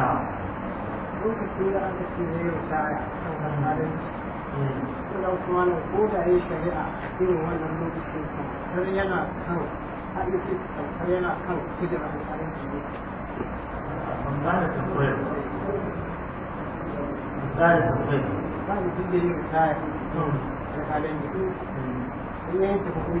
na lokaci da aka ce ne yau ta kan halin suna kuma na ko da ya shari'a irin wannan da kamar yana kan hadisi kamar yana kan kujera alƙalin ne ban da tambayar misali tambayar ba da duk da yin misali da halin da duk in yayin tafi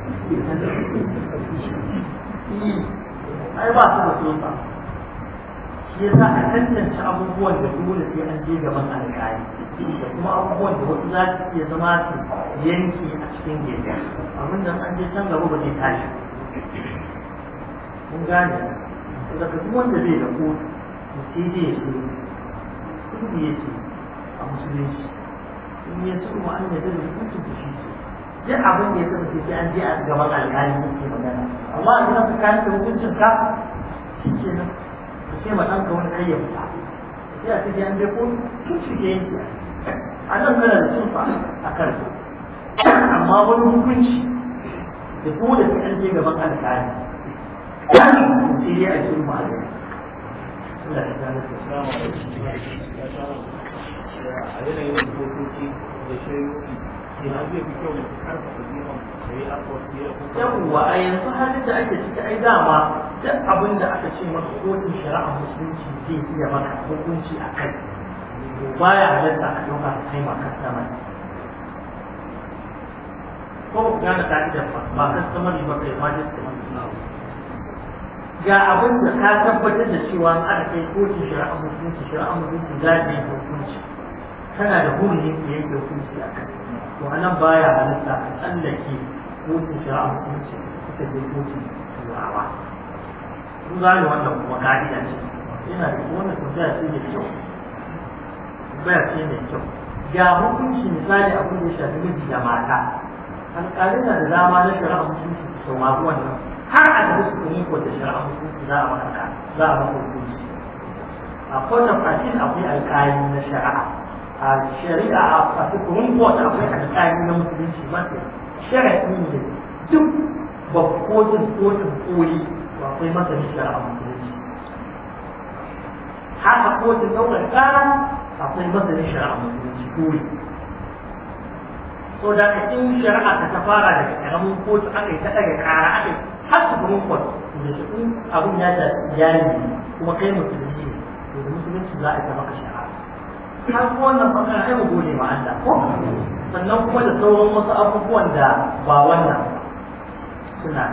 ai ba su da tsofa shi yasa a tantance abubuwan da dole sai an je gaban alƙali da kuma abubuwan da wasu za su iya zama su yanki a cikin gida abin da an je can gaba ba zai tashi mun gane daga duk wanda zai da kotu sai dai ya shiru kudu ya ce a musulunci in ya ci kuma an yadda da hukuncin da shi ce duk abin da ya kasance sai an je a gaban alƙali ne ke magana amma a nan tsakanin da hukuncin ka shi ke nan ka ce ma ka wani kai ya fita sai a cikin an je ko tun shi ke yanki a nan tana da tsufa a karfi amma wani hukunci da ko da sai an je gaban alƙali ƙari sai dai a ce mu a gani da ya gane ka. A yanayin hukunci da shayoyi yawwa a yanzu halin da ake ciki ai dama duk abin da aka ce maka kotun shari'a musulunci zai iya maka hukunci a kai ba ya halatta a ɗauka a kai ma kastamar ko ga da ka'idar ba ba kastamar ba kai ma kastamar ga abin da ka tabbatar da cewa an aka kai kotun shari'a musulunci shari'a musulunci za ta yi hukunci Tana da hurumi ki da hukunci a kai to nan baya halitta a tsallake hukun shara'a hukunci ta je hukun turawa kun gane wannan kuma ka'ida ce yana da wannan tambaya ce mai kyau tambaya ce mai kyau ga hukunci misali abin da ya shafi miji da mata na da dama na shari'a hukunci su ma wannan har a da su kuma ko da shari'a hukunci za a maka za a maka hukunci a kowace fatin akwai alƙali na shari'a a shari'a a fasikin kotu akwai alƙali na musulunci masu sharaɗi ne duk ba kotun kotun koli ba akwai masani shari'a musulunci haka kotun ɗaukar ƙara akwai masani shari'a musulunci koli so da ka in shari'a ta fara daga ƙaramin kotu aka yi ta daga ƙara aka yi har su kuma kotu da shi abin ya ta iyali kuma kai musulunci ne to da musulunci za a yi ta maka shari'a ta fi wannan bangaren ai mu gode ma ko sannan kuma da sauran wasu abubuwan da ba wannan suna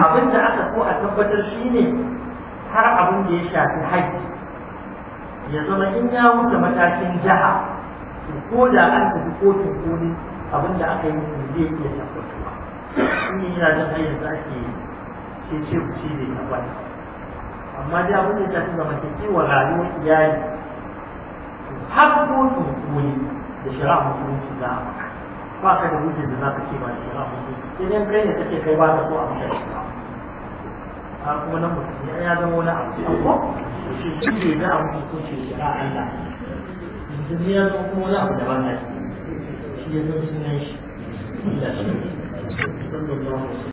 abin da aka so a tabbatar shine har abin da ya shafi haji ya zama in ya wuce matakin jiha ko da an tafi kotun koli abin da aka yi zai iya tabbatuwa shi yana da hanyar da ake ce ce ku ci da ya amma dai abin da ya shafi rayuwar iyali har kotun koli da shari'a musulunci za a maka ba ka da wuce da za ka ce ba da shari'a musulunci idan kai ne kake kai ba ka so a maka a kuma nan mutum ya zama wani abu ko shi shi ne za a mutu ko ce shari'a Allah yanzu ya zama kuma wani abu daban ne shi ya zama sunan shi Allah shi ne